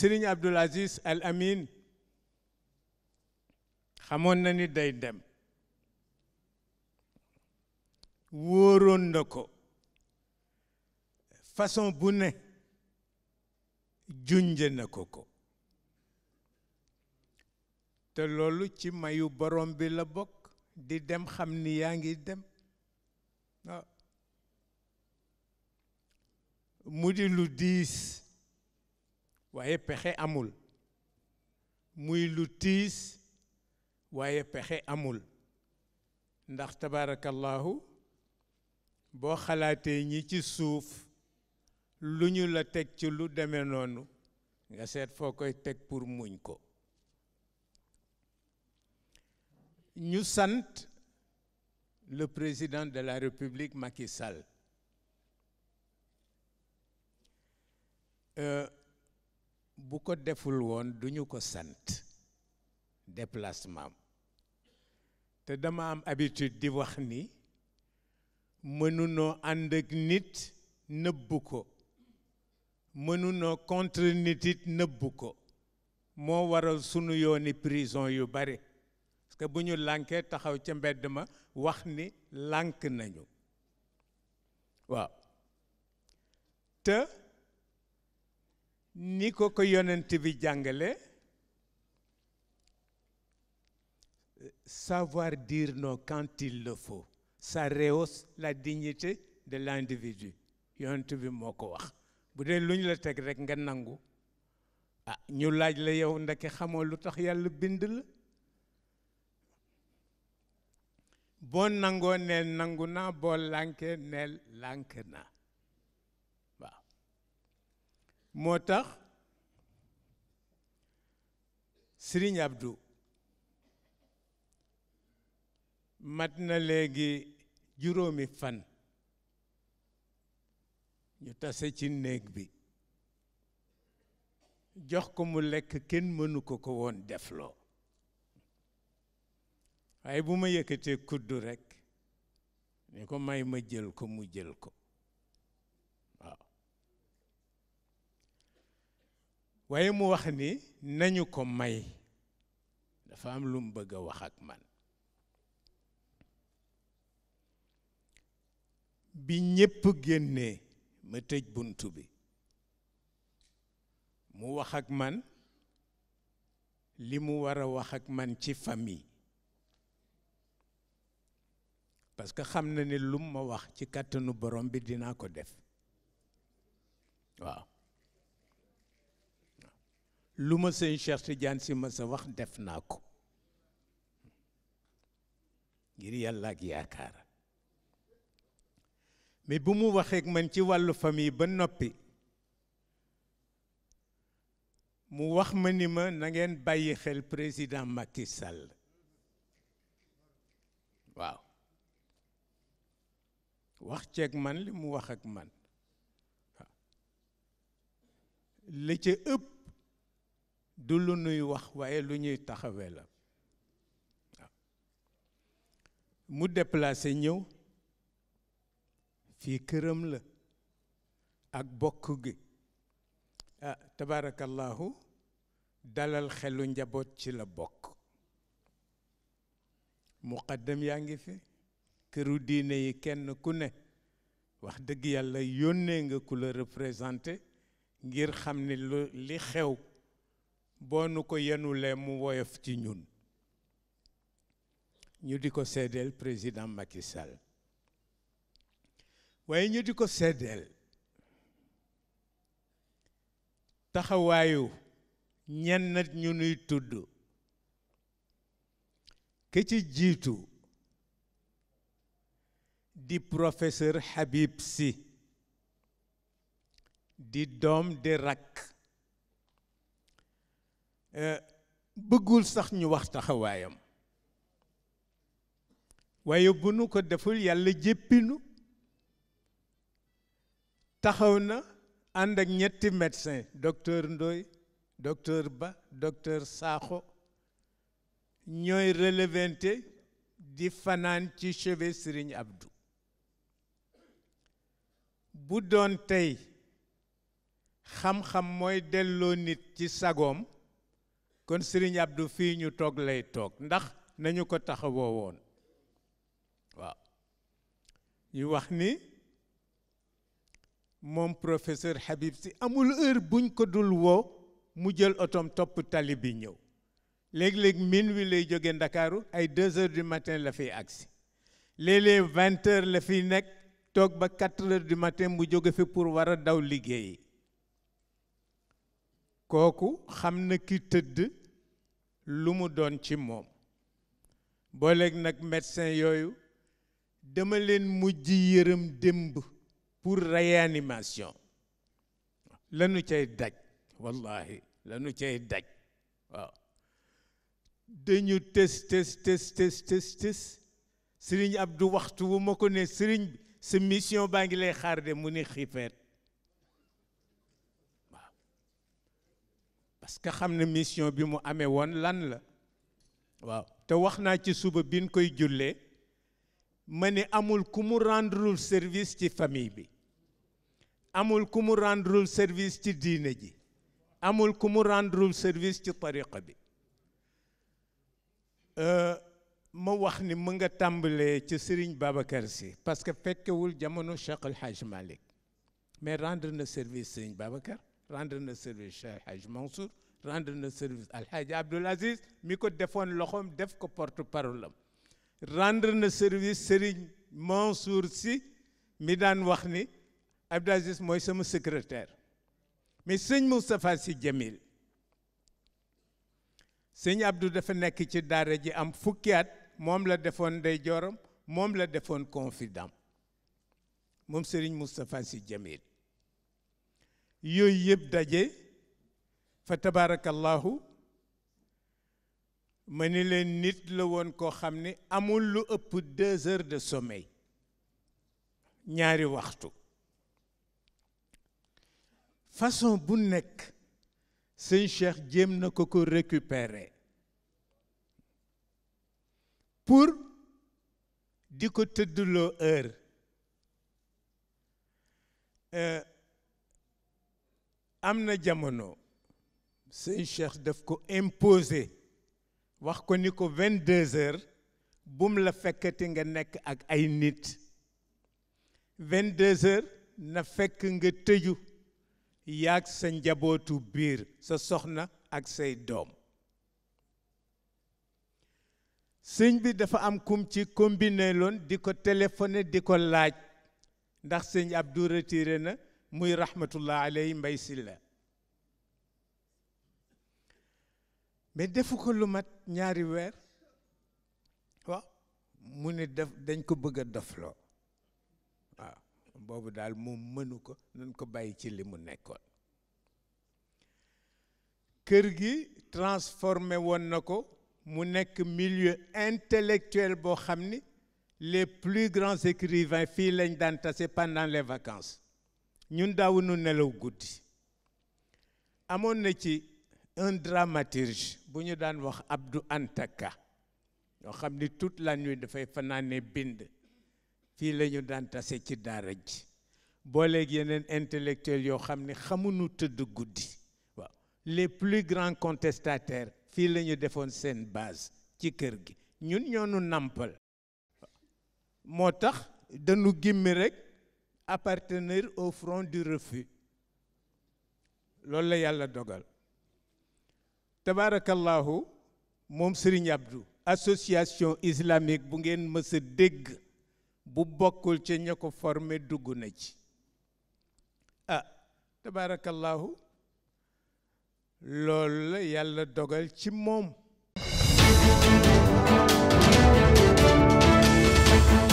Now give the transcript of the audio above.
Serigne Abdoul Aziz Al Amin xamoon na ni day dem wóoroon na ko façon bu ne junje na ko ko te loolu ci mayu borom bi la bokk di dem xam ni yaa ngi dem ah. mu di lu diis waaye pexe amul muy lu tiis waaye pexe amul ndax tabaarakallaahu boo xalaatee ñi ci suuf lu ñu la teg ci lu demee noonu nga seet foo koy teg pour muñ ko ñu sant le président de la République Macky sal euh, bu ko deful woon duñu ko sant déplacement te dama am habitude di wax ni mënunoo ànd ak nit nëbbu ko mënunoo contre nit it nëbbu ko moo waral sunu yooni prison yu bari parce que bu ñu lànkee taxaw ca mbedd ma wax ni lànk nañu waaw te ni ko ko yonent bi jàngale savoir dire non quand il le faut ça rehausse la dignité de l'individu yonent bi moo ko wax bu dee lu ñu la teg rekk nga nangu ah ñu laaj la yow ndeke xamoo lu tax yàlla bind la boo nangoo neel nangu naa boo lànkee neel lànk naa moo tax Serigne Abdou mat na léegi juróomi fan ñu tase ci néeg bi jox ko mu lekk kenn mënu ko ko woon defloo waaye bu ma yëkkatee kuddu rekk ni ko may ma jël ko mu jël ko waaye mu wax ni nañu ko may dafa am lu mu bëgg a wax ak man bi ñépp génnee ma tëj bunt bi mu wax ak man li mu war a wax ak man ci famille parce que xam na ni lu ma wax ci kàttanu borom bi dina ko def waaw lu ma sëñ Cheikh Tidiane si ma sa wax def naa ko ngir yàlla ak yaakaar mais bu mu waxee man ci wàllu famille ba noppi mu wax ma ni ma nangeen bàyyi xel président Macky Sall waaw wax ceeg man li mu wax ak man li ca ëpp du lu nuy wax waaye lu ñuy taxawee la waaw mu déplacé ñëw fii këram la ak bokk gi ah dalal xelu njaboot ci la bokk muqaddam yaa ngi fi këru diine yi kenn ku ne wax dëgg yàlla yónnee nga ku la représenté ngir xam ne lu li xew boo nu ko yenulee mu woyof ci ñun ñu di ko seddeel président Macky Sall waaye ñu di ko seddeel taxawaayu ñenn ñu nuy tudd ke ci jiitu di professeur Habib si di doom di rakk Eh, bëggul sax ñu wax taxawaayam waaye bu nu ko deful yàlla jéppinu taxaw na ànd ak ñetti médecin docteur Ndoy docteur Ba docteur saaxo ñooy relevanté di fanaan ci chevet Serigne Abdou bu doon tey xam-xam mooy delloo nit ci sagoom kon Serigne Abdou fii ñu toog lay toog ndax nañu ko taxawoo woon waaw ñu wax ni moom professeur Habib Sy amul heure buñ ko dul woo mu jël otom topp tali bi ñëw léeg-léeg min wi lay jóge Ndakaaru ay deux heures du matin la fiy agsi léeg-léeg la fiy nekk toog ba quatre heures du matin mu jóge fi pour war a daw liggéeyi kooku xam na ki tëdd lu mu doon ci moom booleeg nag médecin yooyu dama leen mujj yërëm démb pour réanimation lanu cay daj wallahi lanu cay daj waaw dañu tës tës tës tës tës tës sëriñ Abdou waxtu wu ma ko ne sëriñ bi sa mission baa ngi lay xaar de mu ni xifeet parce que xam na mission bi mu amee woon lan la waaw te wax naa ci suba biñ koy jullee ma ni amul ku mu rendrul service ci famille bi amul ku mu rendrul service ci diine ji amul ku mu rendrul service ci tariqa bi euh, ma wax ni mu nga tàmbalee ci Serigne Babacar Sy parce que fekkewul jamono Cheikh El Hadj mais rendre na service Serigne Babacar rendre na service Cheikh Hadj Mansour rendre na service Alhaji Abdoul Aziz mi ko defoon loxoom def ko porte parole rendre na service Serigne Mansour si mi daan wax ni Abdoul Aziz mooy sama secrétaire mi sëñ Moustapha si Djamil sëñ Abdou dafa nekk ci daara ji am fukki at moom la defoon ndey jooram moom la defoon confident moom Serigne Moustapha si Djamil yooyu yëpp daje fa tabaarakallaahu ma ni leen nit la woon koo xam ne amul lu ëpp deux heures de sommeil ñaari waxtu façon bu nekk sëñ Cheikh jéem na ko ko récupérer pour di ko tëddloo heure euh, am na jamono sëñ Cheikh daf ko imposé wax ko ni ko vingt deux heures bum la fekkati nga nekk ak ay nit vingt deux heures na fekk nga tëju yaag sa njabootu biir sa soxna ak say doom sëñ bi dafa am kum ci combiné loon di ko téléphoné di ko laaj ndax sëñ Abdou retiré na muy rahmatullah mbay silla mais defu ko lu mat ñaari weer waaw mu ne def dañ ko bëgg a dofloo waaw boobu daal moom mënu ko nañ ko bàyyi ci li mu nekkoon kër gi transformé woon na ko mu nekk milieu intellectuel boo xam ni les plus grands écrivains fii lañ daan tase pendant les vacances ñun daawuñu nelaw guddi amoon na ci un dramaturge bu ñu daan wax Abdou Antaka yoo xam ni toute la nuit dafay fanaane bind fii lañu daan tase ci daara ji booleeg yeneen intellectuels yoo xam ni xamuñu tëdd guddi waaw les plus grands contestataires fii lañu defoon seen base ci kër gi ñun ñoo nu nàmpal moo tax dañu gimmi rek appartenir au front du refus loolu la yàlla dogal tabaarakallaahu moom Serigne Abdou association islamique bu ngeen mës a dégg bu bokkul ci ña ko formé dugg na ci ah tabaarakallaahu loolu la yàlla dogal ci moom